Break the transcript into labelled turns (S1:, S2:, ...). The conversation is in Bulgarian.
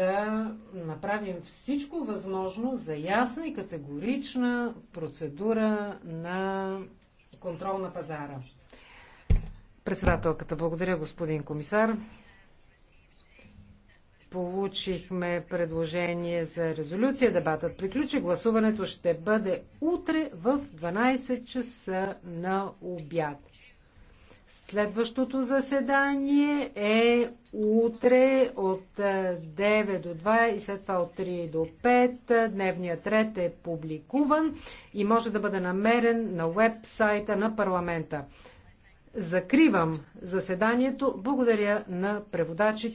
S1: да направим всичко възможно за ясна и категорична процедура на контрол на пазара. Председателката, благодаря господин комисар. Получихме предложение за резолюция. Дебатът приключи. Гласуването ще бъде утре в 12 часа на обяд. Следващото заседание е утре от 9 до 2 и след това от 3 до 5. Дневният ред е публикуван и може да бъде намерен на веб-сайта на парламента. Закривам заседанието. Благодаря на преводачите.